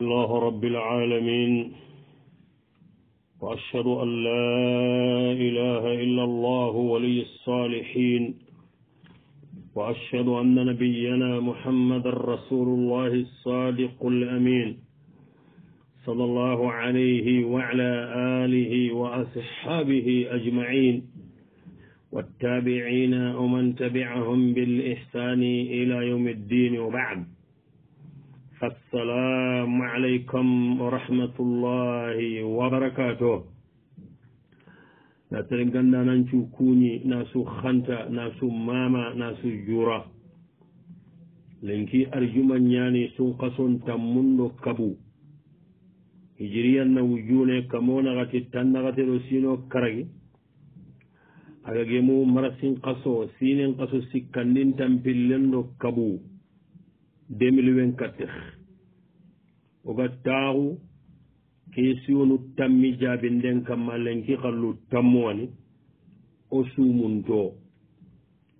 الله رب العالمين وأشهد أن لا إله إلا الله ولي الصالحين وأشهد أن نبينا محمد رسول الله الصادق الأمين صلى الله عليه وعلى آله وأصحابه أجمعين والتابعين ومن تبعهم بالإحسان إلى يوم الدين وبعد assalamu aleykum wa rahmatullahi wa barakatuh na tere ganda nancu kuñi na su xanta na su mama na su jura lenki arjuma ñani sun kason tammundo kabu hijiriyan nawu june kamo naxati tan naxatero sino karagi aga gemu marasin kaso sinen kaso sikkandin tan pillendo kabu 2024 oga taaxu keesiwonu tammi jaabi ndenkamalen kixallu tammuwani o suumunto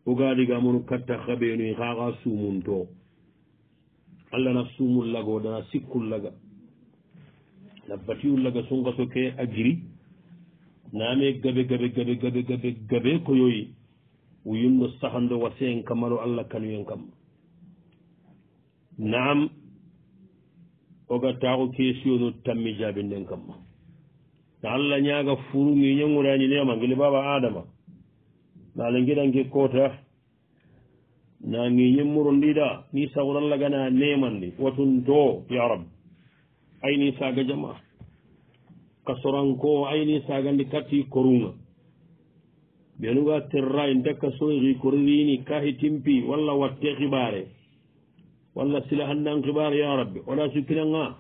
ogaadigamonu katta xabeenu xaaxa suumunto allah na suumun laga odana sikkun laga na batiyu laga sunkaso ke a giri naame gabe gabe gabe gabe gabe gabe koyoyi wuyundo saxando wasen kamalo allah kanuyen kamma naam oga taaku keesiyonu tammi jaabinden kam ma na allah ñaaga furu ngi ñanguraani neema ngili baaba adama naale ngiɗanke koota na ngi ñemmuro ndiɗa ni sawran lagana neemandi watun to ya rab ayni saaga jama ka soranko ayni saagandi katti korunga ɓenuga terra en dakka soyi kori rini kahi timpi walla watte xibaare walla sila hannan kibar ya rabbi wala sikkinanga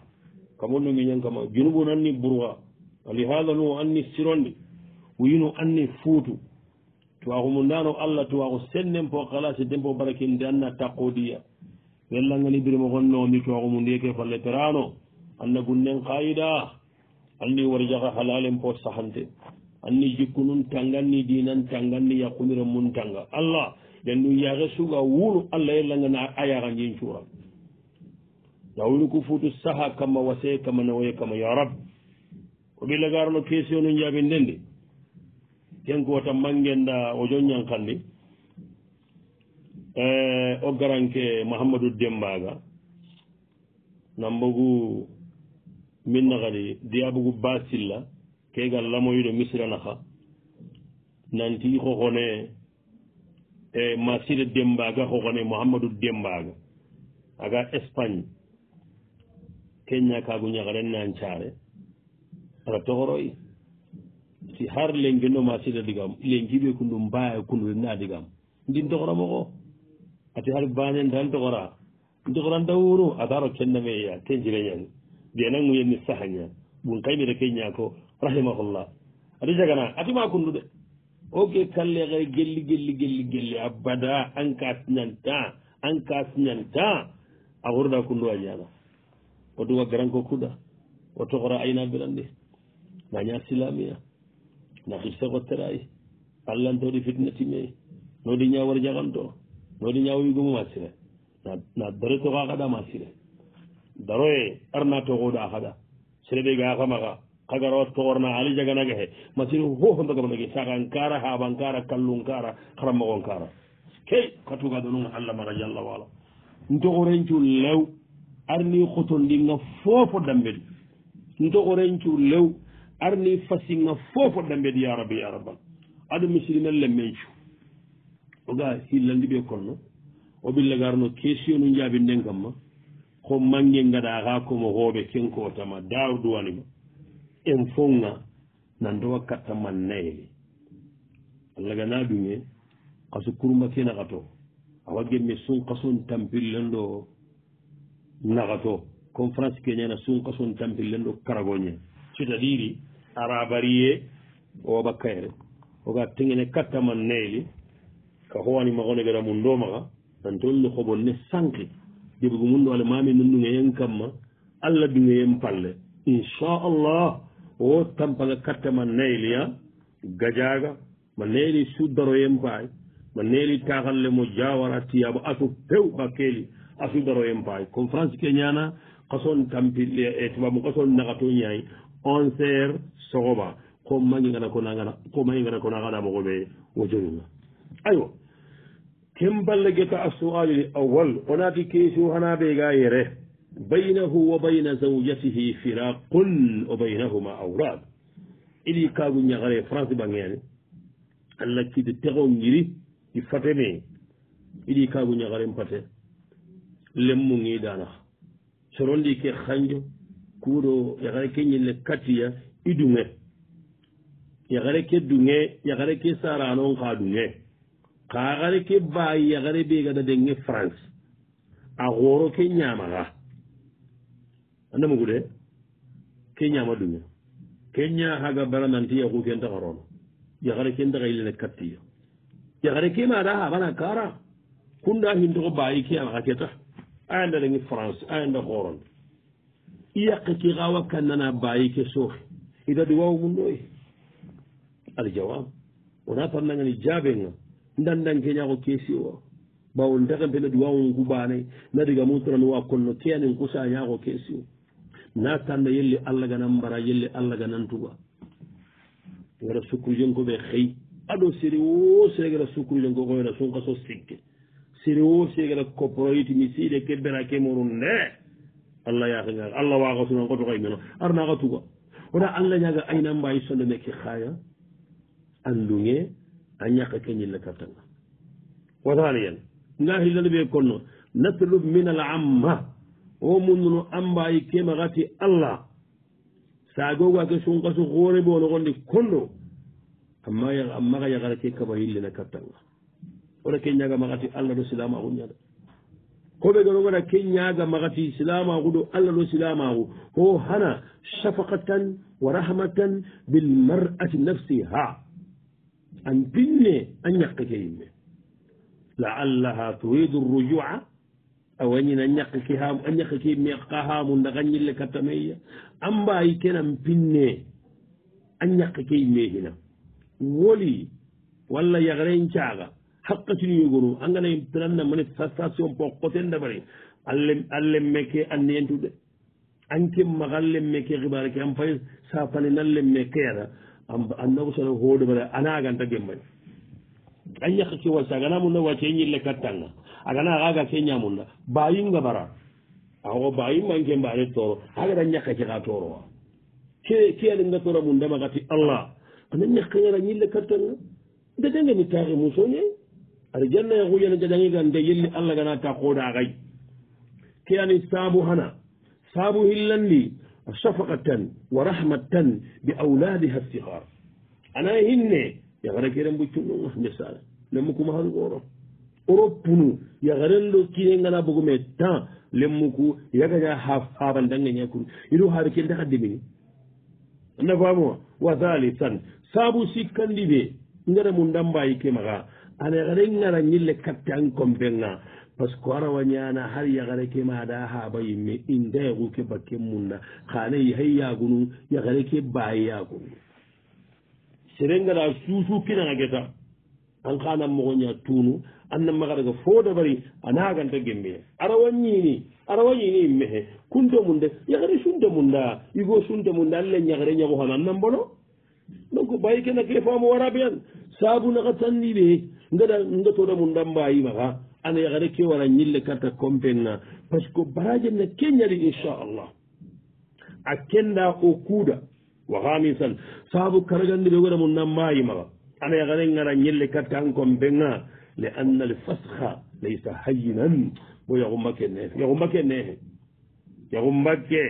kamonno giñankama junubu nanni bourwa walihada no anni sironde wiino anni fuutu tuwakumu ndano allah tuwaku sennen po kalasi denpo barakinde anna takkodiya wellangani birimo gonnomi tuwakumu ndeke falle terano anna gunnen kayida anni warjaka halalen po sahante anni jikkunun tanganni dinan tanganni yakkumiren mun tanga allah den nu yaxe suga wuru allah ye langa na a yaxangin cuura dawuni ku futu saha kamma wase kamma nawoye kamma ya rab o ɓilagarano question nu jaɓinden de ken kowota mangenda o jon ñankandi e, o garanke mahamadou dembaga nambogu min naxadi diyabugu basilla kegal lamoyido misiranaxa nanti xoxone e masida dembaga hokone mouhamadou dembaga aga espagne keña kagu ñakaren nancare aga togoroy si har lengino masida digam lengiɓe kundu mbaya kundudena digam ndin togoramo ko ati har bane dan togora dogoranda wuro adaro kenname ya kenjireñani denanguyenni sahaña ɓum kayɓeta keña ko rahimahullah ati jagana atima kundude oge kalle kare gelli gelli gelli gelli abada an kasñanta an kasñanta a xurda kundu a ñana o duga garanko kuda o toxora ayna birande naña silamiya na xirse xotteraye allantoodi fitna timeye noodi ñawar jaxanto noodi ñawa wigomuma sire na daro toxa xaɗa ma sire daroye arna toxooɗa xaɗa sire ɓegaa xamaxa kagarot togorna ali jaganagahe masiri fofontogamanage sagankara habankara kallunkara haramagonkara key katugadonun allama radiallahu ala ntogorencu lew arni hotondinga fofo dambedi ntogorencu lew arni fasinga fofo dambedi ya rabi ya rabbal ado misilimen lemmencu oga hillandiɓe konno o billagarno question nu jabinden kamma ko mangge gada ha komo hooɓe kenko tama dawduwanima en fonga nando wakkatta man nayeni allah gana ɗume kaso kurma fi nagato awa gemme sunkason tampillenɗo nagato conférence keñana sunkason tampillenɗo karagoñe cita ɗiɗi arabarie owabakkayre oga tengene katta man nayeli ka howani magone gada mum ɗomaga antolli hoɓon ne sanki jebugu mum ɗo ale mami nonɗugeyen kamma allah ɗugeyen palle inchallah o tampaga carte ma nayli a gadiaga ma neeli suddaroyen paay ma neeli taxalle mo jawara tiyaba asu few ɓa keeli a suddaroyen paay conférence ke ñana kason tampile e tubabu kason naxato ñaay onze heure sogoba ko magigana konagana ko magigana konagana moxo ɓe wo jonuga aywa kem ballegeta a suali awal onati question hana ɓe ga yere baynahu wa bayna zawjatihi firaqun o baynahuma awrad iɗi kaagu ñagare france ɓangeene allah kiide tego ngiri i fateme iɗi kaagu ñagare pate lemmu ngi danaha sorondi ke xanjo kuuro yagare ke ñille katiya i dunge yagare ke dunge yagare ke saranon xa dunge xa yagare ke baayi yagare ɓeegada denge france a xooro ke ñamaxa annamugude keñama duña keña haga bara nanti yaku kentakarono yakare kentakailene kattiya yakare kema da habana kara kunda hintoko bayi kiyamaka keta ayanda rengi france ayanda horon iyake ki gawa kannana bayi ke sofi ida duwawu mundoyi aljawab wona parnangani jabenga ndandan keñako kesi wa bawo ntakempe na duwawu ngu bane nadiga mutoranuwa konno keyanin kusañako kesio na kanda yelli allah ganan mbara yelli allah ganan tuga wara sukurjen ko ɓe xey aɗo séri wo segara sukurjen ko koyna sunka so sigke séri wo segara coproyiti mi siide ke bera ke moru nde allah yaakanga allah waaka sunan ko tuxay meno arnaaka tuga wara allah ñaga ayna mbayi sonde me ke xaya an lunge a ñaka ke ñille kartanga watani yen nga xillana ɓe konno natlub min al amma o munduno ambayi kemagati allah sagoga ke sunkasu hoore bo nogondi kondo amma ammaga yagara ke kaba hillena kattanga oɗa ke ñaga magati allah ɗo silamaku ñaɗa koɓe ga nogoɗa ke ñaga magati silamaku ɗo allah ɗo silamaku ho hana shafakatan wa rahmatan bilmar'ati nafsiha an pinne an ñakke ke yimɓe laallaha turidu rujua a wañina ñakki ha a ñakki mi ka haamu ndaga ñille kattameyya ambaayi kenan pinne a ñakki key mehina woli walla yagren caaga hakka tin yogoru angana tananna mane sensation po koten da bari alle alle meke anniyentu de anke magalle meke xibaare ke an fay safane nalle meke yara annabu sana hoode bara anaganta gemmay a ñakki ki wasaga namu na wacce ñille kattanga agana aga ke ñamunda bayinga bara awo bayi manke mbaane toro hagata ñakkake ka torowa ke ke aɗa ngatora mum ndemagati allah ana ñakkagara ñille kattanga ndetenge ni taake mum soñe aɗa jannaya huyana jaɗangiga nde yelli allah gana ta kooɗa kay ke ani saabu hana saabu hillandi shafaqatan wa rahmatan bi auladiha sigar ana hinne yagara keren buccunɗonga ndesara nemu kuma hangooro oropunu yagarendo kinengana bogome tan lemmuku yagaña ha fabandangaña kuru ido haɓe kenta ka demini anna famuwa wahalisan sabu sikkandi ɓe ngara mu dambayi ke maga ana yagare ngara ñille katte an compenga par ce que arawañana har yagare ke maɗa ha bayimme indayagu ke bakken munda hanayi hay yagunu yagare ke baye yagunu sere ngara susu kinanga geta an kanan mogoña tunu annan magara go fooda bari a naganta gembe ara wañini ara wañini immehe kunto mun de yagare sunta mun da yugo sunta mun da allah ñagare ñagohon annan bono donc bayi kene ke faamu wara ɓeen saabu naga tanni ɓe ngaɗa nga toɗa mun dan mbayi maga ana yagare ke wara ñille karta compenga par ce que baraje na keñali inchallah a kenda o kuuda waxamin san saabu karagandi ɓe waɗa mun dan mbayi maga ana yagare ngara ñille karta an compenga li anna al fasha laysa hayinan bo yaxumbake nexe yaxumbake nexe yaxumbake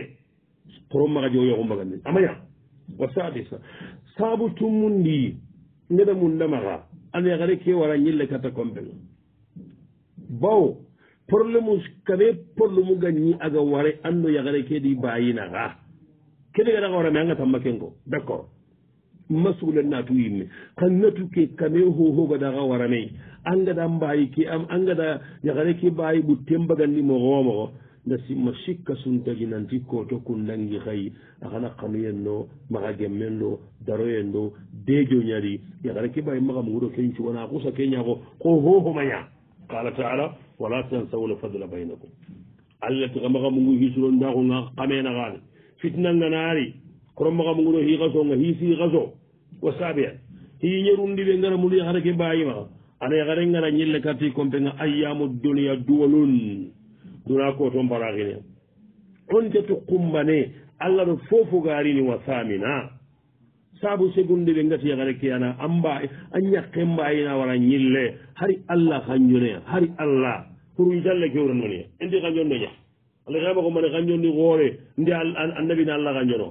koromaxa jeg o yaxumbaga nexe amaya wa sadisa saabu tumu ndi ngeda mundamaxa ane xare ke wara ñille kata compega bao probleme kabe porlumu gañi aga ware anno yaxare ke di bayinaxa kene gaɗaxa warame anga tammaken ko d' accord masuula naatu yimme xan natu ke kame hohogada xa waranay angada mbaayi ke angada yaxare ke mbaayi ɓut ten mbagandi moxowa moxo nda sima sikka suntaginanti koto kundangi xay a xana xanuyen no maxa gemmen no daroyen no deejoñari yaxare ke mbaayi maxa mugudo ken cuwana xusa ke ñaxo xo hohomaña qala taala wala tansauna fadla bainakum alla tixa maxa mungu xisuro ndaxunga xameena xaale fitnanga naari koro maxa mungu no xiixa soonga xiisii xa soo ko saabiya hii ñerundiɓe ngara mudu yahata ke mbayima ana yahare ngara ñille karti compe nga ayyamu duniya duwalun duna ko to mbaraxine on jetu kumbane allah ɗo foofo garini wa samina saabu segundi ɓe ngati yahare ke ana amba a ñakke mbayina wala ñille hari allah xanjune hari allah pour jalle kewranonia enti xanjonno ña alay xema xomane xanjondi xoore nde annabina allah xanjono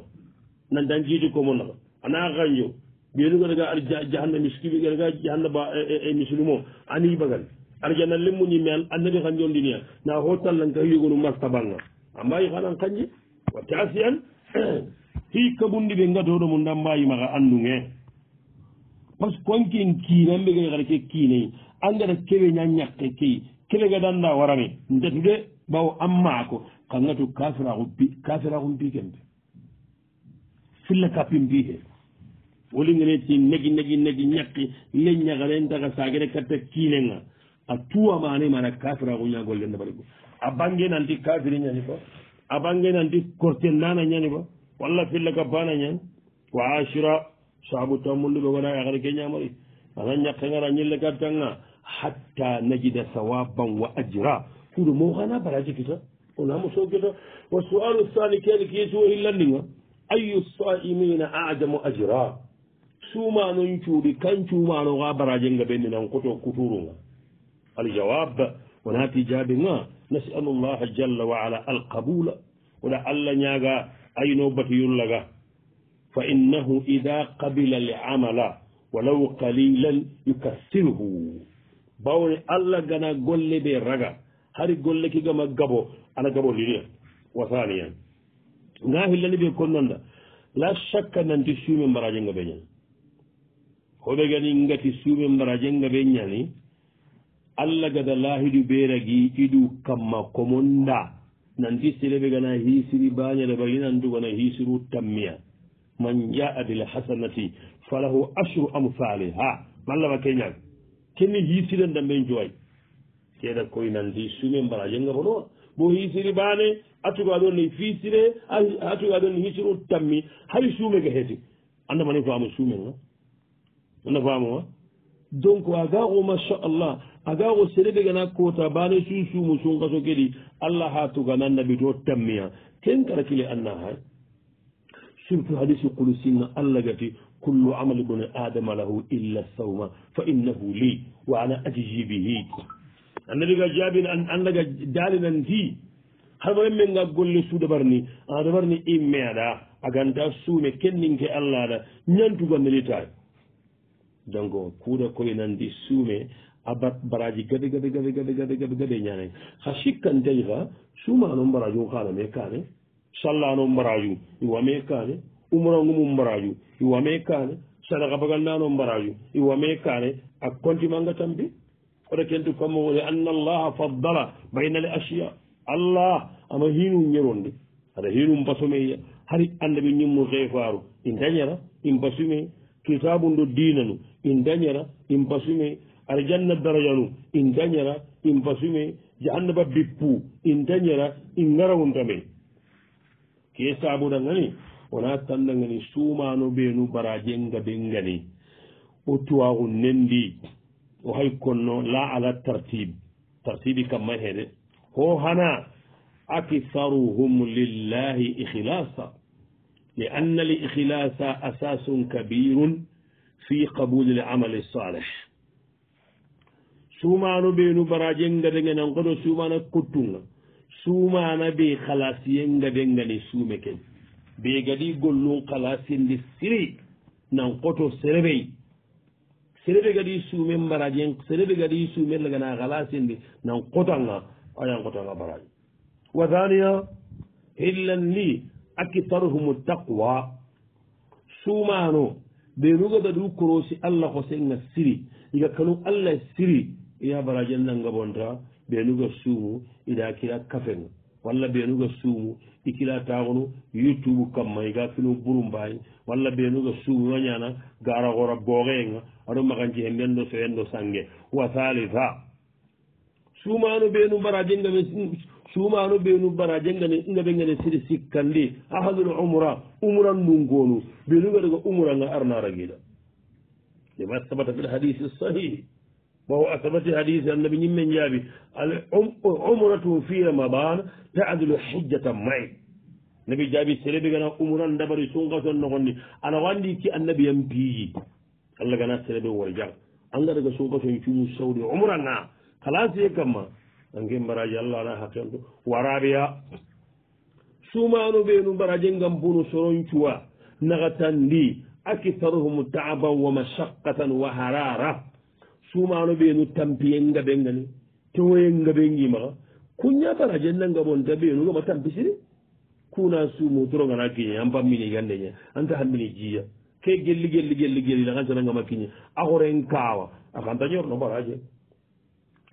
nan dan jiidi komo naxa ana xanjo ɓeenu gata ga ar jahanna miskiɓe gata ga jahanna ba e, e, e muslume o aniyi bagan arjana lemmuñi mel annabi xanjo ndinia na ho tallanka yegonu mastabanga amba yi xanan xanji watte a siyan hi kabundi ɓe ngatoɗomu nda mbayi maxa andunge par ce konken kiina mɓegay xara ke kiinayi angata keɓe ña ñakke key keɓega danda warame ndatude bawo an maako kangatu kafiraxu pi kafiraxum pi kempe filla kappin pi kee woli ngene ti negi negi negi ñakki leññagaren taga sagere katta kiinenga a tuwamane mana kafira ko ñagolle ndabari ko a bange nanti kafiri ñani fo a bange nanti korte nana ñani fo walla filla ka bana ñani ko asura saabu tammundu ɓe wona yakhari ke ñamari ana ñakkengara ñille kattanga hatta najida sawaban wa ajra kuɗo moxana baraji kita onamo so kita wa sualu sani kene kiisuwo hillandinga ayu saimina ajamu ajra suumanon cuuɗi kan cuumano ga barajenga ɓenni nan koto kutorunga aljawab wonati jaabinga nasalu llaha jalla waala alqabula oɗa allah ñaaga ayino batiyullaga fa innahu ida qabila lamala walaw qalilan yukassirhu bawne allah gana golle ɓe raga hari golle kigama gabo ana gabo liniya wasaniyan nga hillani ɓe konnonda la chakka nanti suume mbarajenga ɓeñan hoɓe gani ngati suuɓe mbara jenga ɓe ñani allah gada laahidu ɓeeragi iɗu kamma komonda nanti sileɓe gana hiisiri baañere bagi nandugona hiisiru tammiya man jaa bil hasanati falahu asru amfali ha mallaba keñag keni hiisirenda ɓe jowayi keeɗa koy nanti suuɓe mbara jenga fo ɗoa bo hiisiri baane atuga ɗonni fiisire atuga ɗonni hiisiru tammi hay suumege heeti andamani ko ama suumenga ona famowa donc agaxo machallah agaxo serebe gana kota bane susumu sunkaso keɗi allah ha tuga nan nabito tammiya ken kara kile annaha surtout hadisi kulusinga allah gati kullu amal ibne adama lahu illa sawma fa innahu li wa ana ajiji bihi annabiga jaabin annaga dalinanti haɗaɓare men ga golle suudabarni adabarni immeaɗa aganta suume kenninke allah aɗa ñantuga nelitaye donc kuuɗa koye nanndi suume abat baraji gade gade gade gade gade gade gade ñaane ha sikkan dañi ha suumano mbaraju haala me kaane sallano mbaraju iwame kaane umrangu mum mbaraju iwame kaane sadaka bagandano mbaraju iwame kaane a kontimanga tambi oɗa kentu kammowoni anna allaha faddala bayna l asia allah ama hinum ñeronde aɗa hinum basumeya hari anda mi ñimmu xefaru i dañara i basumee kitabu ndo diina nu in dañera in basume aɗa janna daraja nu in dañera in basume jahannaba bippu in dañera in garawnta men ke saabuɗa gani wona tanna gani suumano ɓeenu bara jenga ɓen gani o tuwaku nendi o hay konno la ala tartibe tartibe kamma heede ho hana akitharuhum lillahi ikhilasa li anna al ikhilasa asasun kabirun fi qabuli lamal salih sumano ɓenu baraje ngadegenankoɗo sumana kottunga sumana ɓe halasiye ngadengani sumeken ɓe gadi gollun halasindi siri nankoto serebey serebe gadi sume baraje serebe gadi sume lagana halasindi nankotanga ayankotanga baraje wa thania hillan li akitaruhumu taqwa sumano ɓe rugada ɗu korosi allah hosenga siri iga kanu allah siri iya barajenna ngabonta ɓenuga sumu ida kira kafen walla ɓenuga sumu ikila taxunu youtube kamma iga kinu burumbayi walla ɓenuga sumu wañana garaxora boxeenga aɗo maxanci hemɓen ɗo sowen ɗo sange wa salitha sumano ɓenu mbara jengame sumano ɓenu mbara jengane ingaɓe gane siɗe sikkandi ahadul umra umran ndungonu ɓenuga ɗaga umra nga arnaragiɗa ɗema sabata fil hadisi sahih bawo a sabati hadise annabi ñimmen jaabi al um, umratu fi ramadane taadulu hijjata may nabi jaabi sereɓe gana umran dabari sunga son nogonni ana wandi ki annabi yam piiji allah gana sereɓe wor jang angaɗaga sunga son cumu sawdi umra nga kala siye kamma anke mbaraji allah ala hakkeanto warariya sumanu ɓeenu mbaraji ngam bunu soroncuwa nagatandi akitaruhum taaban wa masakkatan wa harara sumanu ɓeenu tampiyengaɓe ngani tewoyengaɓe ngimaxa kuña baraje nangabonta ɓeenu gama tampisiri kuna sumu torongana kiñe an pammini gandeñe anta hammini jiya ke gelli gelli gelli gelli nagancanangama kiñe axoren kawa axanta ñorno baraje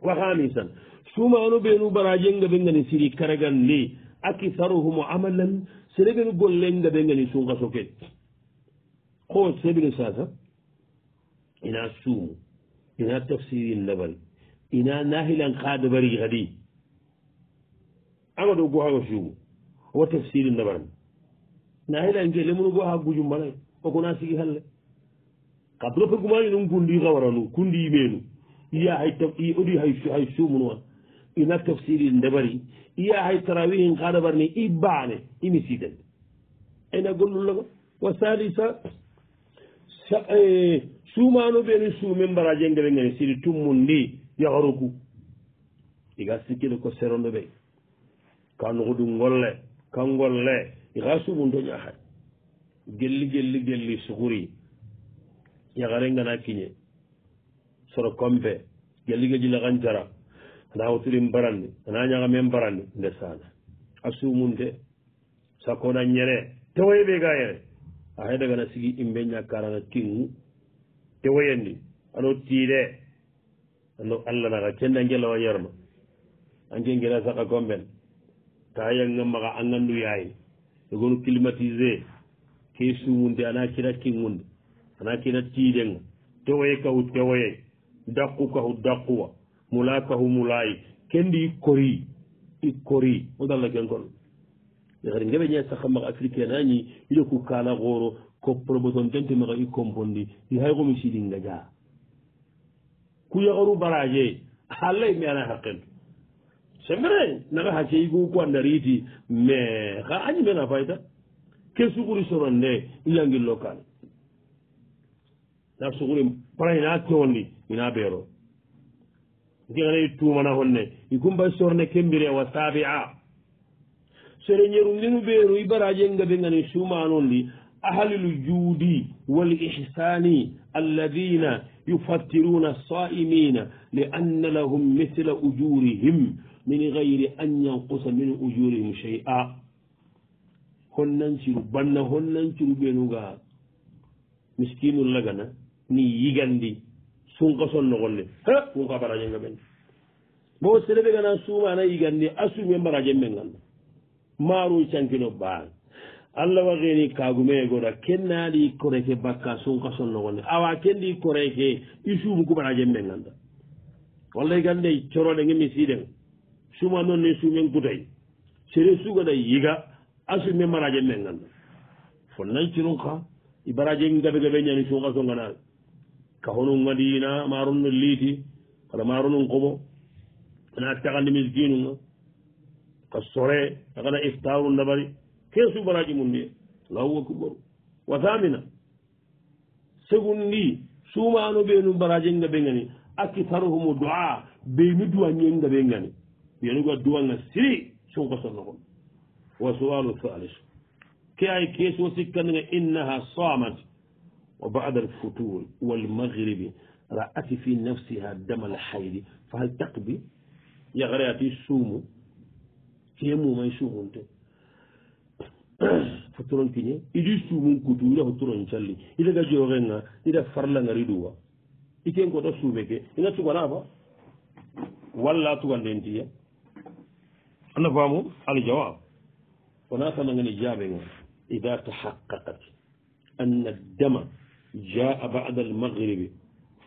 wa hamisan sumanu ɓenu barajenga ɓe gani siri karagan li akitharuhum amalan sereɓenu gollenga ɓe gani sunga soke ho sebine sasa ina sumu ina tafsiri labal ina nahilan kadabari hadi amado gohaga sumu wa tafsiri labaran nahilan ge lemunu goha gujumbalay okona sigi halle kadropegumaninu gundi gawaranu kundi menu iya hay tabii odi hay hay sumun wan ina tafsiri ndebari iya hay tarawihin kaɗabarni i baane imi sidande ana gollullogo wa salisa sumano ɓeni suume mbaraje ndeɓe gani sidi tummun ndi yahoruku iga sikkile ko serondo ɓe kanuhudu ngolle kan ngolle iga sumun to ñahay gelli gelli gelli sukuri yahare ngana kiñe soro compe gelligue ji lakan jara ana wotirin barandi ana ñagamen barandi nde sana absiu munte sakkona ñere tewoye ɓe ga yere ahay dagana sigi imɓe ñakkarana tingu tewoyendi ano tiide ano allah naga cenda gelawa yerma anke gueɗa saka comben ta yangamaga a gandu yayi egonu climatise ke sumunde ana kina kingunde ana kina tiidenga tewoye kaw tewoyey dakku kahu dakkuwa mulaa kahu mulaayi kenndi ikkori ikkori od allah gengol ari nge ɓe ñaa saha maga africain naañi iɗo ku kaala gooro ko probotone tente maga i compondi i haygomi siɗi ngaja ku yagaru baraje allay mi ana haqen c' est vrai naga ha ceygu ku andariiti mais xa añi mena fayta ke suguri soron nde i langil local nda suguri prayna kewondi ina ɓeero ndiganayi tuumana honne i gumba sorne kembire wa sabia sore ñerundinu ɓeeru i barajenga ɓe ngani sumanondi ahalilu juudi wal ihsani alladina yufattiruna saimina li anna lahum mithla ujurihim min gayri an yankusa min ujurihim shey a honnanciru banna honnanciru ɓenuga miskinu lagana ni yigandi funka son nogonne ha funka barajenga ɓen bo sereɓe gana sumana yiganni asume barajen ɓe ganna maaru cankino baan allah wageni kagumee goda kennaɗi koreke bakka sunka son nogonne awa kendi koreke isum ku barajen ɓe ganda wallay gande coroɗege misiɗen suma nonne sumen gutay sere sugoda yiga asume barajen ɓe ganda fonnay cirunka i barajen gaɓe gaɓe ñani sunka songanaɓe ka honum madina marun no liiti kala maro num kobo ana attakandi miskinuga ka sore akana iftaru dabari ke subaraji mum ndi allahu akbar wathamina segundi sumano ɓenu baraji ga ɓe gani akitaruhumu dua ɓeni duwaie ga ɓe gani ɓenuga duwaga siri sunko sonnogon wa sualu salis ke ay keso sikkandiga innaha samat وبعد الفتور والمغرب رأت في نفسها دم الحيض فهل تقبي يا غرياتي سومو هي مو ما يسومون فتورن كني إذا سومون كتو إذا فتورن شالي إذا جاجو غنا إذا فرلا نريدوا إذا كنت سومك إذا تقول أبا ولا تقول دنتي أنا فاهمه الجواب وناسا من الإجابة إذا تحققت أن الدم jaa bada almagribi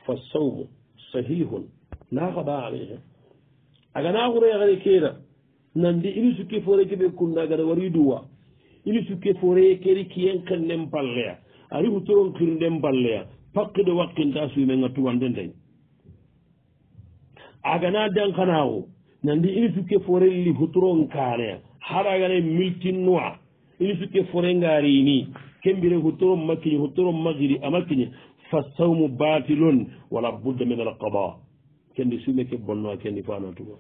fa saumu sahihun naaxa ɓaa aɓee aga naa xure xane keena nandi ini sukke foore ke ɓe kunnaagana wari duwa ini sukke foore keri kiyen qen nen palleya ari xutoron qir nden palleya paqido waqqinta suumenga tuwande ndañ aga naa denxanaaxu nandi ini sukke foore li xutoron kaaneya xaɗaagana multinoi ini sukke foore ngaariini kembire huttoro makkiñi huttoro magiri a makkiñi fa sawmu batilun wala budda min alqada kendi sumeke bonnoa kendi fa natuga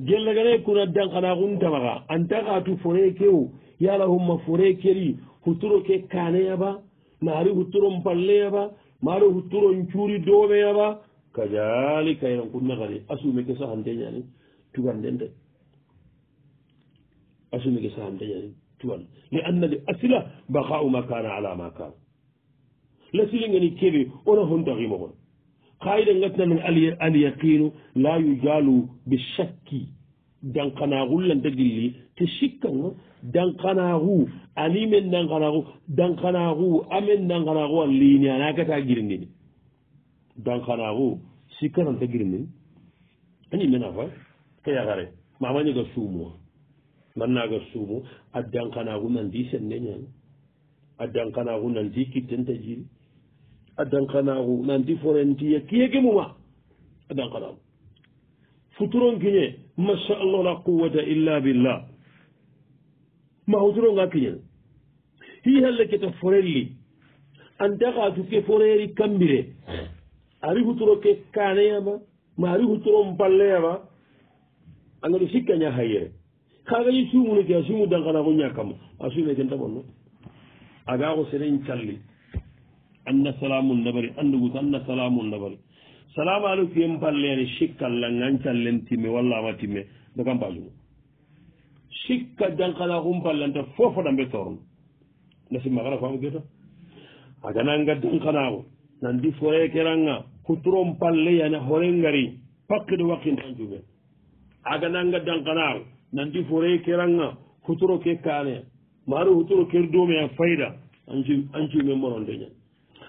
gellagana kuna dankana huntamaga anta gatu fore kew yalahumma fore keri huttoro ke kaneyaba naari huttoro palleyaba maaro huttoro ncuuri doomeyaba kadalika yeran kunne gari asumeke sahanteñani tugandente asumeke sahanteñani tuwan li anna li asila bakau ma kana ala ma kan la silingani keɓe ona hontaximogon xayida gatinanan alyaqinu la yujalu bishakki danganaxu lanta gilli te sikkanga danganaxu ani men danganaxu danganaxu a men danganaxu a lini ana gata girindini danganaxu sikkananta girindini ani mena fa ke yaxare mama ñaga sumoa mannaagar suumu addankanaagu nan di senne ñaan addankanaagu nan di kittenta jiri addankanaagu nan di forentiye kiyege muma addankanaagu futuronkiñe masallah la quwata illa billah ma huturonga kiñen hihalle kete forelli andakaatu ke foreeri kambire ari huturo ke kaneyama ma ari huturon balleyama angadi sikkaña hayyere kaga yi sumunu ke a sumu dankana ko ñakkama a sume ken tabonno aga ko senen calli anna salamu ndabari andugusa anna salamu ndabari salamu alakuyen palleni sikkalla ngan callen timme wallama timme dokam pasumu sikka dankana kun pallenta fofo dambe torno nasi magara fam geta agananga dankanago nandi fore keranga kuturon palle yana horengari pakkide wakkintan cuɓe aga nanga dankanago nandi foree keranga hutoro ke kaane maaru hutoro ker dome a fayda ancimen morondeñan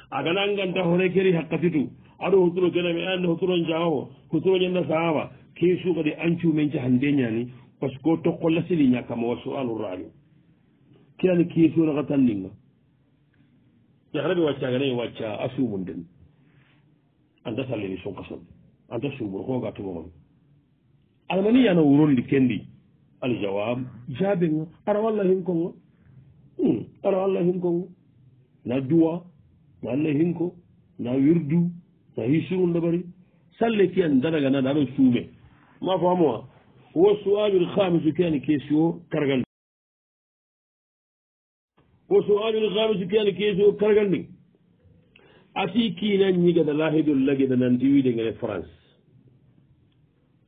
agana ganta hore keri hakkatitu aɗo hutoro kenami ande hutoro jawo hutoro ñanda saaba ke suuɓade ancimen jahan deñani par ce que tokko lasili ñakkama wa sualu rani kirani kesunaka tanninga yahraɓe wacca ganayi wacca a suumunden anta sallini sunkasod anta suumun ko gatumoxon almani yana wurondi kendi aljawab jaabinga ara walla hinkonga hmm, ara walla hinkonga na duwa na allah hinko na wirdu na hisirun dabari salle kiyan danaga nada aɗo suume ma famowa wo sualul hamisu kiyani kesio kargal wo sualul hamisu kiyani kesio kargal ndi ati kiina ñiga da lahidol lagida nanti wiidengene france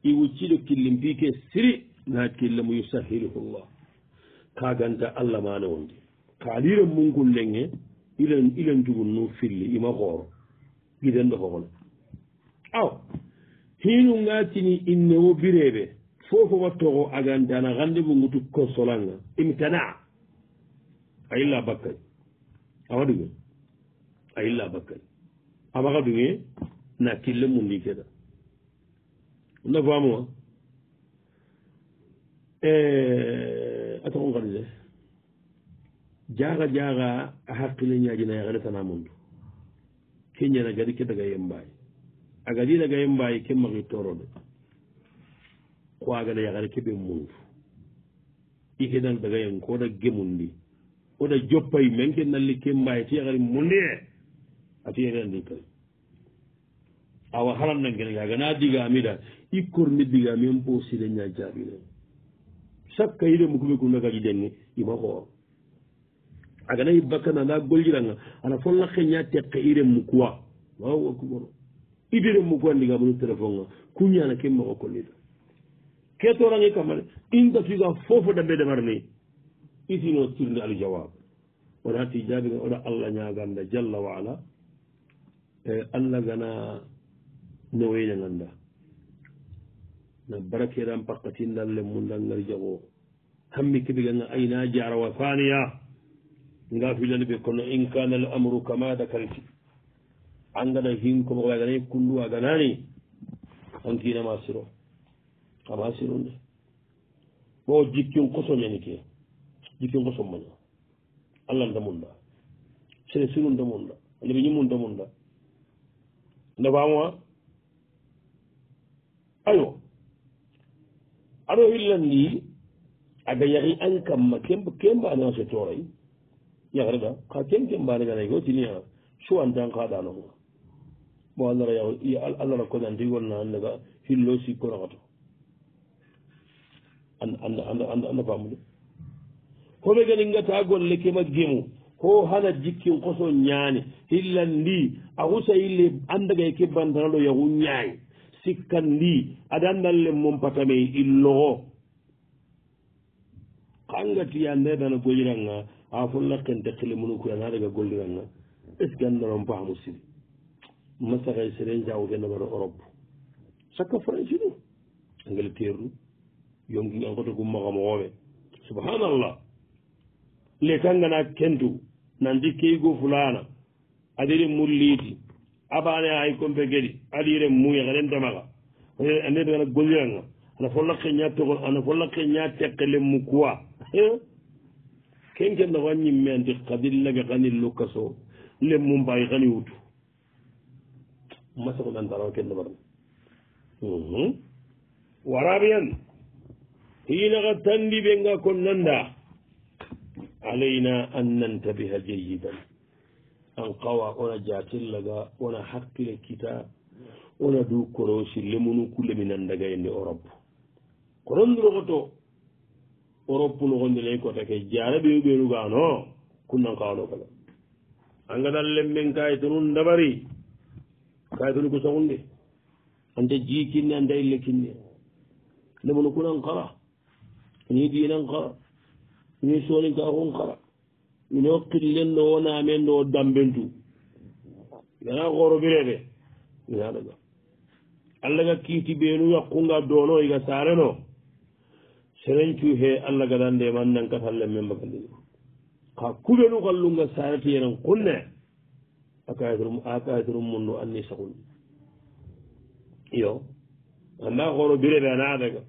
i wucciɗo killimpi ke siri naatkille mo yusahiluhu llah kaa ganta allah maane wonde ka aliren mungullen he ilen ilen jugun nu filli ima hooro giden ɗo hoone aw hiinu ngaatini inne wo bireeɓe fofo wattoko agandana hannde mu ngutu consolanga imtanaa a yilla bakkari ama ɗuge a yilla bakkari amaka ɗuge naa killen mu ndi keɗa nda famuma E, ato ngol de jaaxa jaaxa a xaqile ñaajinaye xeretana mundu ke ñana gadi ke daga yembaay a gadi daga yembaay ke maxi toro de koagada yaxare ke ɓe mundu i kedan dagayen ko da gemundi o da joppay men ke nalli ke mbaay ti yaxari mundi e ati yeganndi kay awa xalan nangene gaga na digaami da i korni digaamen po sile ñaaj jaaɓinen sakka yide mukume kum na gaji denni ima xoor a gana yi bakkana nda goljiranga ana folla xeña teqe ire mukwa waawakubono idire mukwa ndiga bunu telephone ga kuñana ke maxo kollita ke torange kamane in da figa foofo dambe demar ni isino turni aljawab wona ti jaabi ga oɗa allah ñaganda jalla wa ala e allah gana nowoyñanganda na barakeran parkatinnan le mundan ngar jago hammi kibiganga ayna jarawa faniya nga filani ɓe kono in kana l amru kama dakarti angana hinkomoaganai kundu aganani antinama siro ama sironde bo jikkin kosoñanike jikkin koson maña allahndamunda sere sirundamunda alebe ñimundamunda ndafamoa aywa aɗo hillandi aga yahi an kamma kemba kembane ose toray yahreɗa ka kem kembane ganayko tinia suwantan kaɗanoko bo allara yah allah ra konanti golna andaga hillo sikkonakato an anda famude kome gani gata golle kema gemu ho hana jikkin koso ñaane hillandi a husa yille andagay e ke bantanaɗo yahu ñaayi sikkandi aɗa anndalle mompatame e illoo kangatiya ndeɗana golliranga a fonlakkente kile munu kuyan haɗaga golliranga est ce que anndanon paa musidi masahay e sere jawote nabaɗo europe chaque franci nu angleterre du yonki ankoto gum magamowoɓe subhanallah le tangana kentu nanti keygo fulana aɗeɗe mulliti abane ay compe geɗi aliire muye xeɗen demaxa anetgana goliranga ana fo lake ñatogo ana fo lake ñatekelem mu quoi kenke ndaxo a ñimme anti xadillage xani lukaso lemmu mbaayi xani wutu masoxonantaraw ke ndabarna mhm. warabian xiinaxa tandi ɓenga konnanda alayna an nantabiha jayidan an kawa ona jatillaga ona hakkile kita ona du korosi lemunu kule minandaga yende europe korondurokoto europe nogondelay kotake jara ɓeu ɓenugano kunnan kawano kala angadal lemmen kayitonun dabari kayitonu kusagunde anta jikinne anta illekinne lemunu kunan kara ni dinan kara ni soninkaku nkara mino killen no wona men no damben du gana koro birede minaɗaga allah ga kiiti ɓeenu yakkunga doono iga saare no serencu he allah gadan de man nankatalle men bagalli ka kuɓenu kallunga saareti yenan kunne akayitrum akayitrum mum no anni sahun iyo anda koro birede anaɗaga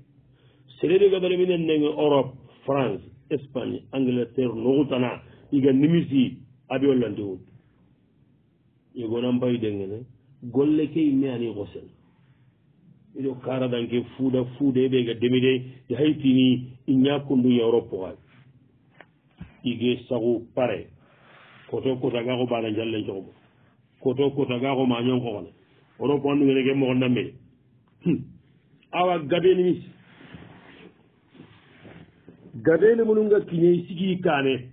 serede gadare minen nege europe france espagne angleterre nogutana iga nimisi abiwollante wut igonan bayi dengene golle ke imme ani kosel ido karadanke fuuda fuuda ebe ga demide i haytini i ñakundu yeuropeay ige sagu pare koto kotagako bana njallen cogoba koto kotagako mañonkoxone europe andungene ke moxon nambe hmm. awa gabe nimis gabe nimununga kiñe sigi kane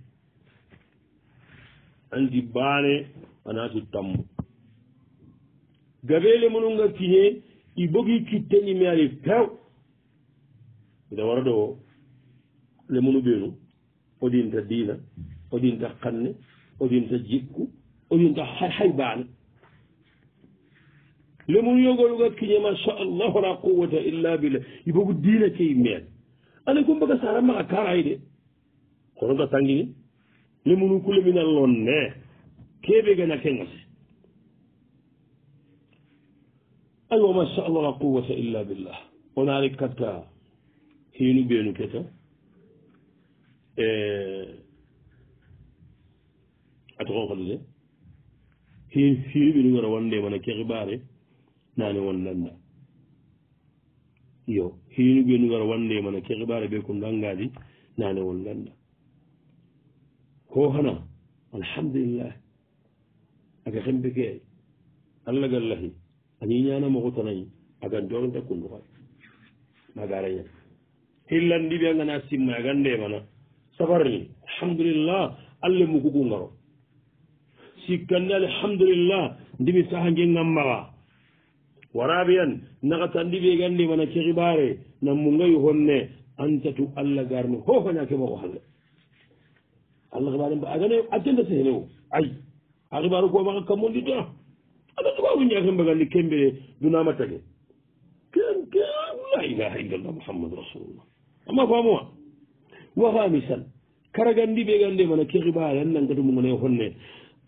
andi baane anaati tammo gabeele mono ngakki he i bogi kitte i meyali few ida wara ɗo le munu ɓeenu odinta diina odinta kanne odinta jikku odinta hay baane le munu yogolu gakkiñe macha allahu la quwata illa billah i bogu diina ke i meyali anan kumbaga sara maxa karayi de kono ga tangini le munu kulemenal lon ne keɓe gana kengase ay wa masallah la quwata illa billah onari katta hinu ɓenu keta e atoxoxodede hinu ɓenu gara wandemana ke xibare nane wonnanna iyo hinu ɓenu gara wandemana ke xibare ɓe kundangadi nane wonnanna ko hono alhamdulillah aga xembeke allah gallahi ani ñanamoxu tanayi agan dooginta kunduxoy magarañan hillan ndiɓeangana simmay agan ndemana safarni alhamdulillah allah mugugu ngaro sikkanni alhamdulillah ndiɓi saxangengan maxa waraɓeyan naxata ndiɓegan ndemana ke xibare nan mungayu honne antatu allah garni hofañake moxo halle allah xibaare mba aganayo a denda sene o ay a xibaaro koo maxa kam mondi dona ada tuba wu ñaaxe mbagandi kembe dunama tage ken ke la ilaha illallah mouhammadou rasulullah ama famoa wafami san karagandi ɓegande mana ke xibaare an nangkatu mugonee honne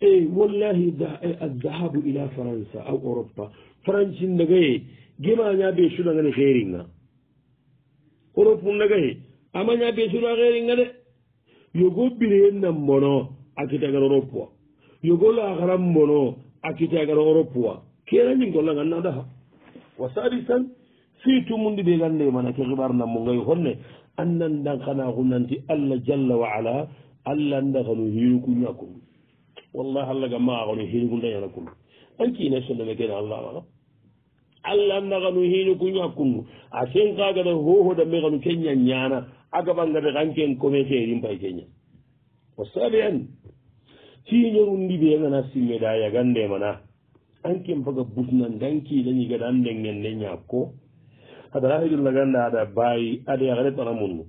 e wallahi adahabu eh, ila france aw europa france ndagaye gemañaɓe suɗangane xeeringa europe um ndagaye amañaɓe suɗa xeeringa de yogo bireyen na mbono a kiti agara oropuwa yogo lagara mbono a kiti agara oropuwa kera ñingollangan nadaha wa salisan si tumundi ɓe gande mana ke xibar na mungayi honne annan danganaku nanti allah jalla wa ala allah ndaganu hirukuña kun wallah allah gammaaganu hirukundañana kun an kiine sondene kene allahmaga allah ndaganu hirukuña kunu a sen kagada hoho dambe ganu ke ñañana aga ɓangade tan ken comité ɗin pay keña o saabi en siñorum ndi ɓee ngana simmeɗa yagande mana an ken faga butnan danki dañi gada an ndengen nde ñakko hada rahidul laganda aɗa baayi ada yagade para munnu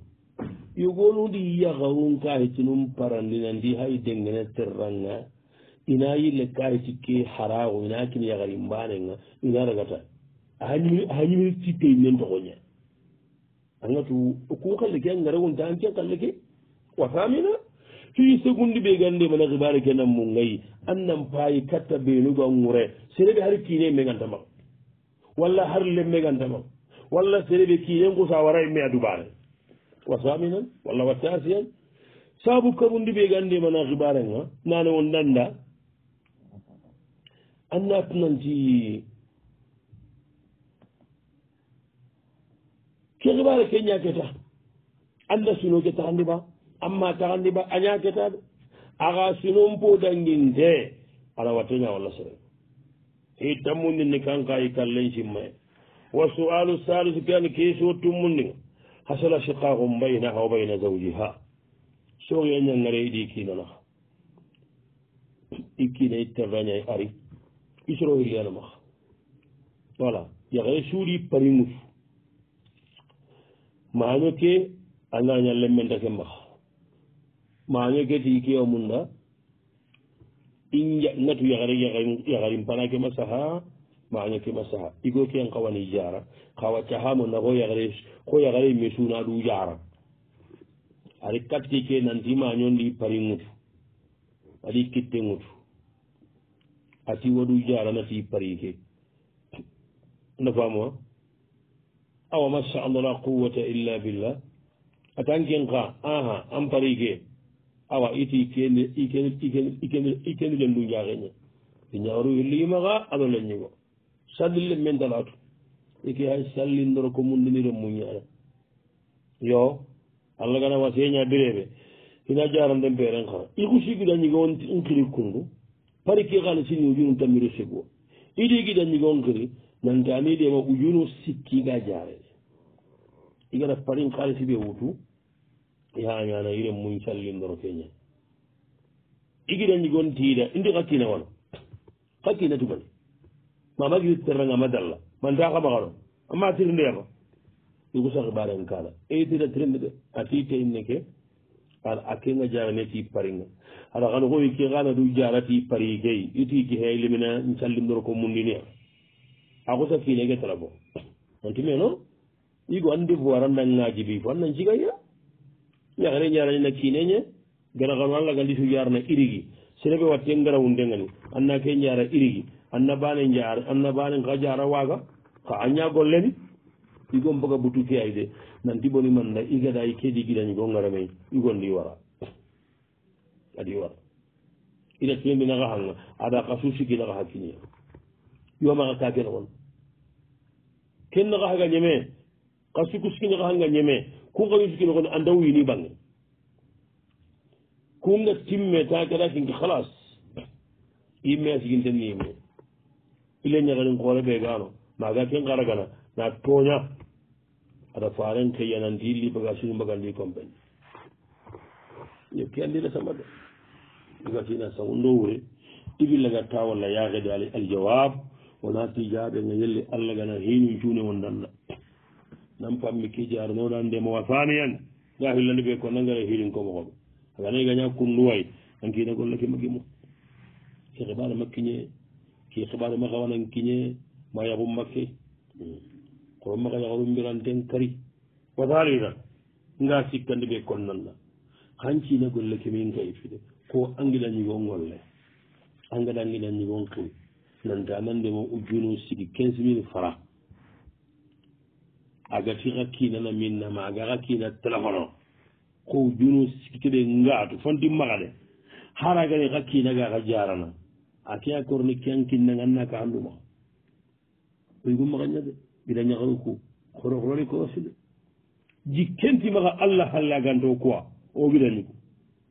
yogonundi yagawun kahitinum parandinandi hay dengene terranga ina yille kahiti ke harago ina kin yagari mbanenga ina ragata ahañimiri cittey nen toxoña angatu kuukalle ke angara wonta an kenkalle ke wasamina hi segundi ɓe gande mana hibare kenan mu gayi an nan payi katta benuga ŋure serebe har kine me gantama walla har lemme gantama walla serebe kine ngusa wara me a dubare wasaminan walla wattasiyan sabu kabundi ɓe gande mana hibare ga nane wondanda an natunanti kesuɓaara ke ñaketa annda suno keta andiɓa amma taxandiɓa a ñaketa de axa sunon podangin te ala watteña walla sere i tammundinni kanka i kallen simmaye wa soalu salis kan keso tummundinga hasala sikakum baynaha wa bayna zaujiha sooxe ñangare iɗi kiinanaxa i kiina i terrañay ari i soro xilianamaxa voilà yaxe suuri parimus maño ke a naña lemmenta ke mbax maño ke tii ke o munda i natu yaxare yaxarin pana ke ma saxa maño ke ma saxa igo ke nxawani jara xawa caxamo na xo yaxare xo yaxare me suna du jara ari katti ke nanti maño ndi pari ŋutu adi kitte ŋutu ati wadu jarana ti pari ke nafamowa awa masa allah la quwata illa billah atanken ka aha an pari ke awa iti ikenilen du jaxeña iñaru hillimaxa adolenñigo sallile mentalatu ike hay sallindoro comundiniren muñana yo allah gana waseña bireɓe ina jaranden peren xa ikusigida ñigon nkiri kundu pari ke xalisini uju nu tamiro sigwo idigida ñigo nkiri nanndaaniide ma ujuno sikkiiga jaarede igata parin kaalisi ɓe wutu yaañana iren mum callindoro keña igiɗañi gon tiida indi hakkina wono hakkina tugani mamagii terranga madalla mantaakamaxano amma tirndeema igu sahibaren kaala eytira tirndede ati teinne ke ara a kenga jarane ti paringa ara xano xoyi ke xana du jara ti pari key itii kexe limina callindoro ko mundinia akota fiinege tara bo ontume no igo andi voir anda ngaji bi fo anda jigaya ñakare ñarani na kiineñe gana xano anlagandi su yarna irigi senebe watte ngara wundengani anna ke ñara irigi anna bane jar anna bane nga jara waga ka a ñagolleni igo mbaga butu ke ay de nanti boni man da igaday kedi gidani go ngarame igon di wara adi wara ina tiyembi naxa xanga ada xa suusikinaxa xa kiniya yomaxa ka genowol kennaxaxaga ñeme xa sukusukinaxaxanga ñeme kun xa sukusukinoxone anda wini bange kunna timme ta kata singi xalas imme a sigin ten niime ile ñaxanin xoole ɓegano maga ken xaragana na toña ada faren keyananti li baga sunu mbagandi compen ke andira sama de gasina sa undowure ibillaga tawalla yaxede al aljawab wona tijaɓe nga yelle allah gana heewi cuune won danna nan pammi kijaro nowɗan nde mo wasani yan ga hillande ɓe ko nangara e hiirin komo hoɓe aganayi gaña kunduway ankina gollake magge mum ke heɓano makkiñe ke heɓano makawanan kiñe ma yahum makke koo maka yahorum mbiranten kari wasani tan nga sikkande ɓe kon nanna hancina gollake min kayfide ko angiɗa ñigon golle angaɗa angiɗa ñigon kuy nanta nande mo o juno sigi quinze mille fra a gati xa kiinana min na ma aga xa kiina téléphone o ko juno sigi keɗe ngaatu fonti maxa de xaragani xa kiinaga xa jarana a ke a korni ke an kinnangan na ka anduma oygu maxaña de ida ñaxaru ku xoroxorori korosi de ji kenti maxa allah halle aganto quoi o gidanigu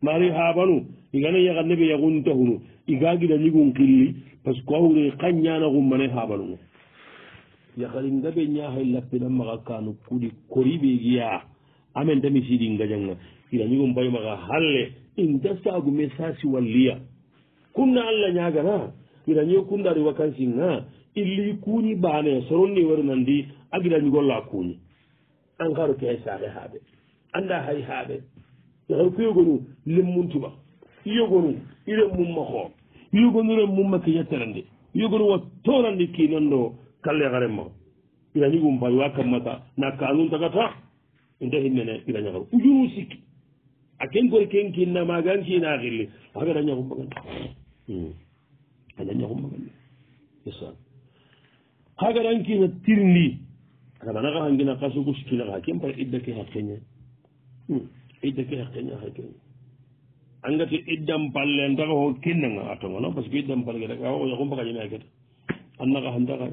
mari habanu igana yaxa neɓe yaxuntaxunu iga gidanigun killi par ce que awre kan ñanagummane habanugo yakari ngabe ñahay lappina maga kanu kuɗi kori ɓe giya amen tami siɗi gajanga kiranigom bay maga halle in dasagu me sasi walliya kunna allah ñagana kirañi kunndaari wakansi ga illi kuuni baane soronni warnandi a giranigolla kuuni encare ke saare haaɓe annda hay haaɓe yakar kuyogonu lemmuntuma yogonu iremmumma hoo yugonure mumma ke yettarandi yugonu wa torandi kinando kalle harenma iranigumpa wa kammata naka anguntagata inta hinnene iranagaru ujunu sikki a ken kori ken kinna maga nkina xilli aga da ñagumbaganta ada ñagumbagandi isa xaga dan kina tirindi agadanaga xangina xasugu sikinaxa ken par idda ke xaqeñe hmm. idda ke xaqeñe xa keñe angati iddam palle ndaka ho kinnanga atonga no par ce que iddam palle gedaka o yaku mbaka jene akete annaka handaka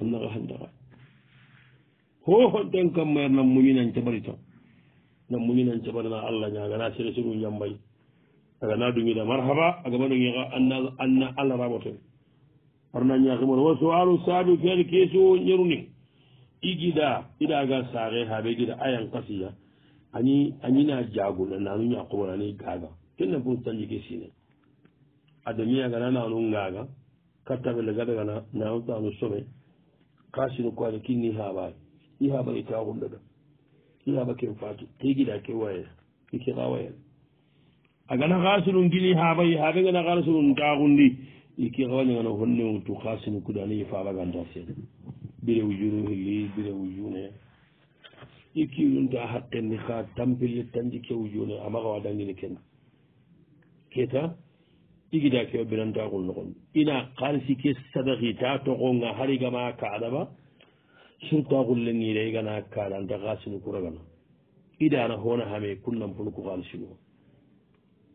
annaka handaka ho ho ten kam mer nam muñinan cabari to nam muñinan cabari na allah ña gana sere suru jambay aga na dungi da marhaba aga ma dungi ka anna anna allah rabote parna ña kimo wa su'alu sabi fel kesu ñeruni igida idaga sare habe gida ayan qasiya ani anina jagula nanu ñakubonani gaga kenne fun sanji ke sine adamiya gana nanu gaga kattabele gabe gana nanu tanu sobe kasinu kwale kinni haba i haba ita hundaga i haba ken fatu ke gida ke waye ike gawaye agana kasinu kinni haba i haba gana kasinu gagundi ike gawaye gana honne wutu kasinu kudani ifaba ganda sene bire wujuru hili bire wujune ikki yunta a hatten ni ha tampille tanji kew joni amakawa dangini ken keta igida kewa benantakol nogon ina kalisi ke sadaki ta togonga harigama kadaba surtakullengira igana kada nta kasini kuragana idana hona hame kunnampunku kalisigo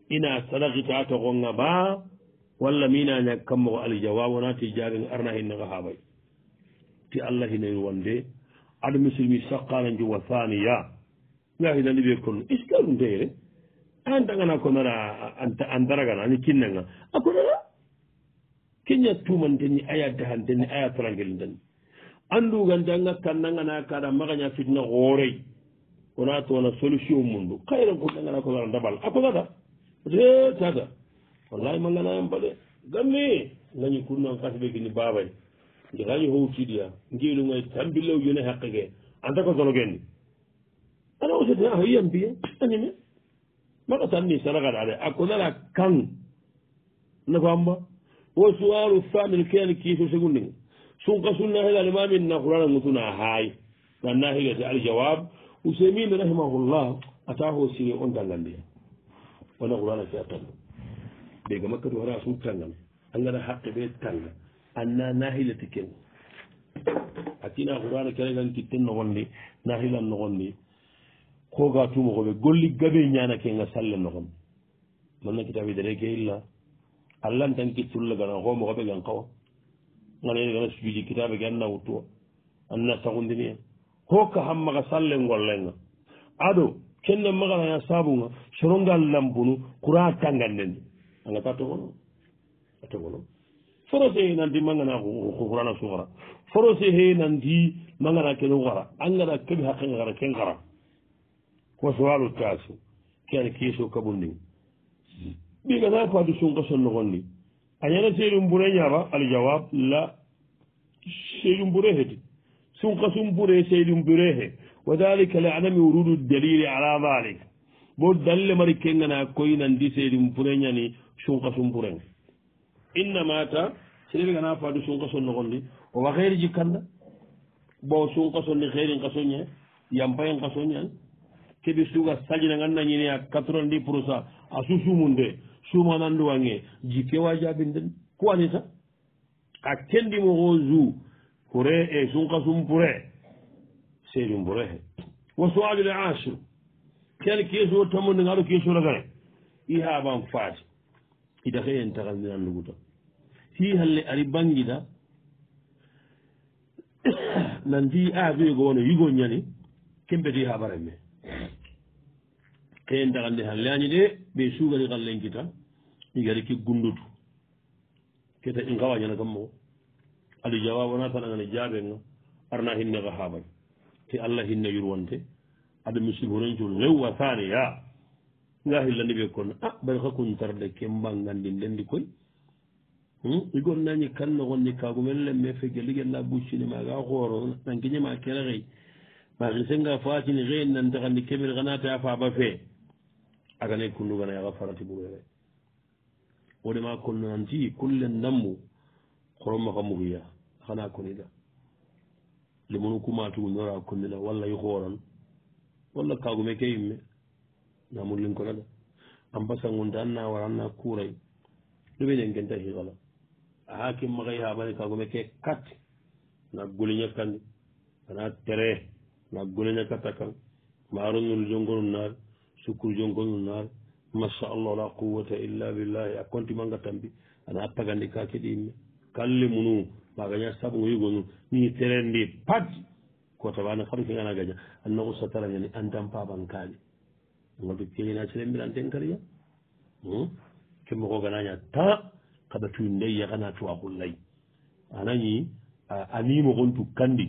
ina sadaki ta togonga ba walla minaña kammogo alijawabo nati jaben arna hinnaga habay ti allah hinayi wande aɗa misilmi sakkana juwa thania gahi nani ɓe kono iska ɗum teyre an tagana konana an daragana ani kinnanga a konana kiña tumanteni aya dahanteni aya tarangelidani andugantanga tannagana kaɗa magaña fitna hoorey kona tona solution mundu kayran kotagana konana dabal a konata e tata wallahi magganayan baɗe gammi gañi kurnon kasɓe kini babay yotaañu howtiidiya ngiilungoy e tambillow yune haqe ge anta ko sono genni ana osete ah, a hoyiyampiye anime maka tanni sanagat ade a kodala kan na ko amba wo suwaru famil keani kiiso segundinga sunka sunnahil alimami nakurana ngutuna haay nannahilete aljawab usemine rahimahullah ata ho sire on dangandiya wona kurana se a tanga ɓe ga makkatu hara sun tangana angana haqqe ɓe tanga anna nahilati kew atina qur'ana kereganti ten nogondi nahilan nogondi koga tumogoɓe golli gabe ñanake nga salle nogondi manna kitabe dere geilla allah n tan kittulla gana xomogoɓe gan qawa ganani gana sujudi kitabe ge anna wuttuwa anna sagundiniya hoka e. hammaga salle ngollenga ado kenne maganaya sabunga soronga lampunu qura tangandendi anga ta tegono a tegono forose he nandi magana hurana sugara forose he nandi magana kene hara angana kaɓi hakkee hara ken hara ko sowalu taso ke ani keso kaɓundin ɓigana fadu sunka sonnogonni a ñana seydum bure ñaaba aljawab la seydum bure heti sunka sum bure seydum bure he wadalika le anami urudu dalili ala dalik bo dalle mari kengana koy nandi seydum bure ñani sunka sum bure innamata sereɓe gana faadu sunkason nogondi o wa xeeri ji kanda bo sunkason ni xeeri nka soñe yampay nka soñan keɓi suga sañinangan nañini a quatre vingt dix pour cent a susumunde sumananduwange jikke wa jabinden ku anita a kendi moxo jou pour e sunkasum pourre seedum pour he wa soalu le ashr kene kesuo tammo ndengaɗo kesuo ragare i haaban faati ida xeyen taxandinanduguta fihalle ari bangida nanti aɓego wono yigoñani kembeti habaren me keen dagande halle ani de ɓe sugani kallen kita igari ki gundutu keta in kawañana kammoo adi jawabu na tanangani jaɓenga arna hinnega haɓan te allah hinne yurwante aɗa musibunancuru rewwa saneya nga hillandi ɓe kon a ah, ɓen ka kuntarde ke mbangandin ndendi koye Hmm? igon nañi kan noxonni kaagumen lemme fe geligella buccini maaga xooro nankiñema kene xey ma xisenga faatini xeen nantaxandi kemel xanaate a faaba fee agane kunnugana yaxa farati ɓurere wo ɗema konnonanti kullen ndambu xoro maxa mufiya xana konida limunu kuma tugunora konnina walla i xooran walla kaagume ke yimme namullinkonada an pasangunta an na wara an na kuuray ɗuɓe ñengkenta xixala a hakim maxay haɓani kagome ke kat na guliña kandi ana tere na guliña kata kan maro nul jongonu naal sukur jongonu naal masallah la quwata illa billahi a kontimanga tambi ana pagandi ka keɗimme kalli munu magaña sabgo yigonu ni tere ndi pat kotawani xam ke ngana gaña annaxu satarangeni andam paban kaani ngotu kegina celembiranten kariya hmm? ke moxoganaña tan kaɓa tuyu ndey yagana tuwabullayi anani amimo gontu kandi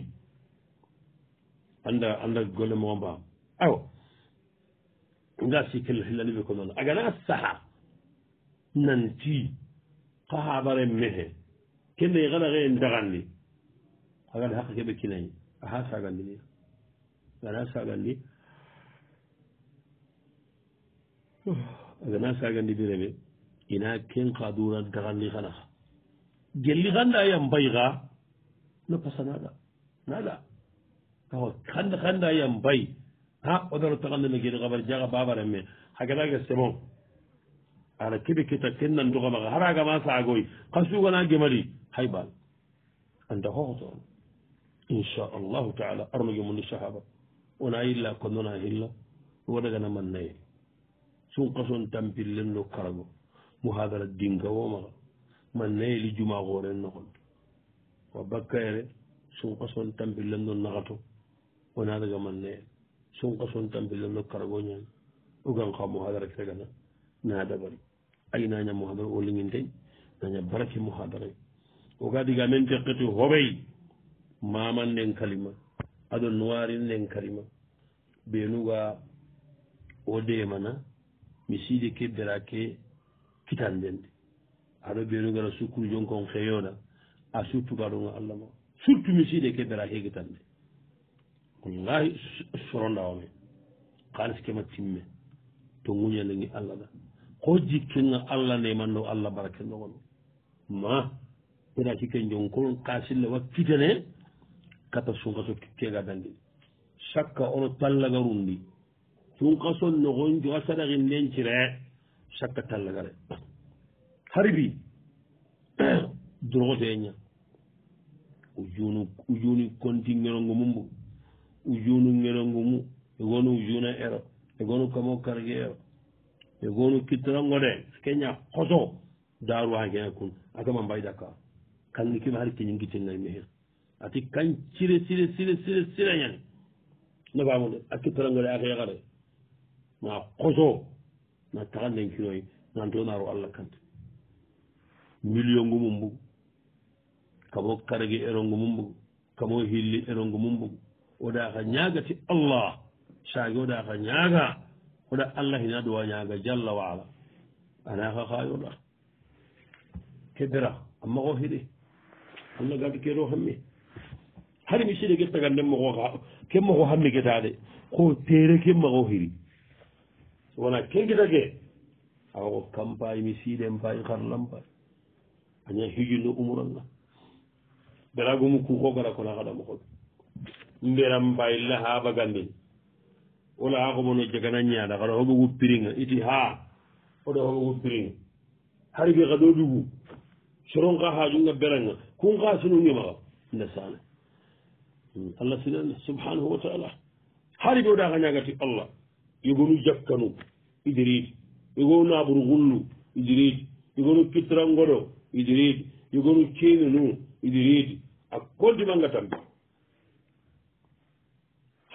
anda anda golle momba awa nga sikkelle hillaniɓe ko noon agana saha nanti ka habare mehe kembe yagana xe ndaganni agana haqa keɓe kinayi aha sagandini agana sagandi agana sagandi ɓi reɓe ina kenka duran daganli xana xa gelli xanda yam bay xa no pasa naɗa naɗa kawa xanda xanda yam bay a o dano taxan dena geni xabar jaxa babara me xa ganaga semo ana keɓe keta ken nan doxama xa xaragama saagoy xa sugana gemali xay ɓaal anda xooxotoon insa allahu taala arno gemu ni sahaba wona yilla konnona xilla wodagana man naye sun qason tampillen no karago muhadara dingawomaga ma nayeli juma hooren nohon wa bakkayere sunkason tampillenno nahato wona daga man nayel sunkason tampillenno kargoñan ogan ka muhadara kiregana na dabari ay naña muhadara wolliginten naña barake muhadaray oga diga men tekketi hoɓey maman nden kalima aɗo nowarin nden kalima ɓenuga o demana mi siide kebbera ke kitandende aɗo ɓeenu ngara sukkuru jon kon feyoɗa a suppugaɗongo e allah ma surtout misiɗe keɓɓera heegitande wallahi sorondawome haalis kema timme to guñande gi allah ɗa ho jikkenga allah nde mandow allah bara kenɗogono ma ɓeɗa cikken jon kon kasille wa kitane kata sunkaso keega dandi chaque ka ono tallagarundi sunkaso nogon joa saɗa ginden cire sakkatallagare haribi drogoteña e ujunu ujunu konti ngenongo mumbo ujunu ngenongo mu egonu ujuna ero egonu kamo karge ero egonu kittanongo de kenya koso daru hagena kun agama mbay daka kalni kiba hari kiñin gittinnayi e mehen ati kan sire sire sire sire sire ñani nefamude a kittanongo de a xeexa de ma koso natta an dañkinoye nantonaro allah kante million ngo mum mbugu kamo karagi erongo mum mbugu kamo hilli erongo mum mbugu oɗaka ñagati allah saagi oɗaka ñaaga oɗa allah hina dowa ñaaga jalla waala anaka kayoɗa kebira amma ko hiɗi allah gati keɗo hammi hari mi siɗe gettagandemmoko ka kemmako hammi getaɗe ko tere kemma ko hiɗi wona kengitake awa ko kam paye mi siide mpaye karlam pay aña hijunno umuranga beragomu kukogara kona haɗamo koɓe mberam mpaye laha bagandin wola ha komono jagana ñaada haɗa hoɓo wuppiringa iti ha oɗo hoɓo wuppiringa hari ge haɗo ɗugu soronka hajunga beranga kunka sunungemaa nde sane allah sinane subhanahu wa taala hari ɓe oɗa ka ñagati allah yogonu jakkanu idirid yogoru naɓuru gullu idirid yogoru kittirangoɗo idirid yogoru ceeninu idirid a koddi mangatanbe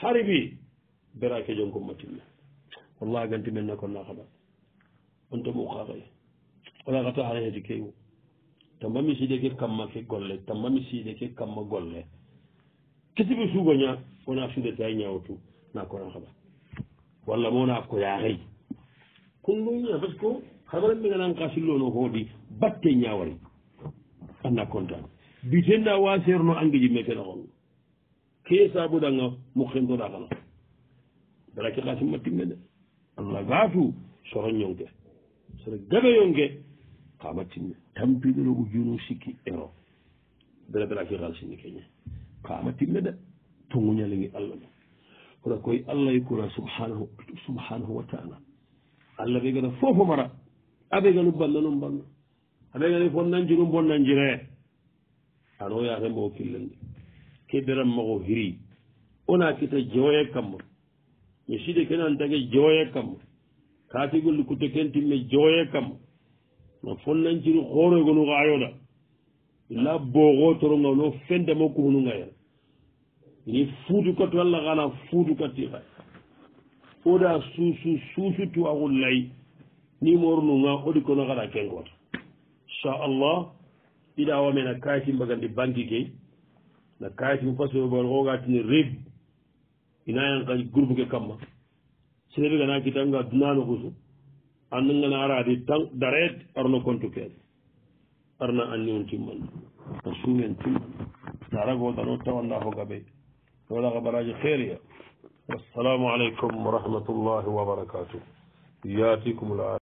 hari bi bera kejon kommatinme wallahi ganti men na konna haɗa on to mukaxay olakata hara hedi kew tamba mi siide ke kamma ke golle tamba mi siide ke kamma golle kisibi sugoña wona sudetay ñawotu na kona haɓa walla mona koyaxey kono ɗum ñaa par ce que hamaran ɓe ganan ka silloono hooɗi batte ñaawari anna contan bitenda waaseerno angeji me kene xonga kee saabudanga mukxentoɗa xana balake kasim mattimme de allah gaatu soro ñongke soro gabe yongke ka mattinme tampiɗolo u junu sikki ero bela belake xalsini keña ka mattinme de tonguñalingi allah kono koye allah y kura subhanahu subhanahu wa taala allah ɓe gana fofo mara aɓe ganu balla num banno aɓe gani fon nanji num bon nanjire ano yatembo o killande kebiran mago hiri ona kita jooye kammo mi siide kenantage jooye kammo katigolli kutte kentimme jooye kammo no fon nanciri hooroygonu ko ayoda illa boogo torongano fendemo kuhunu gayen ni fuutu kattu allah gana fuutu katti kay oda suusu suusu tuwaxul lay ni morunuga odi kono xaɗa kenkoot insa allah iɗawa me na kayiti mbagandi banki ke na kayiti mu parce que xooga tine rib ina yanka groupe ke kamma senebe gana kitanga dunano kusu annangana aradi tan daret arno compte kene arna anniun timman a sumen timman naragodano tawanda fogaɓe wala xa baraje xeeriya والسلام عليكم ورحمة الله وبركاته ياتيكم الآن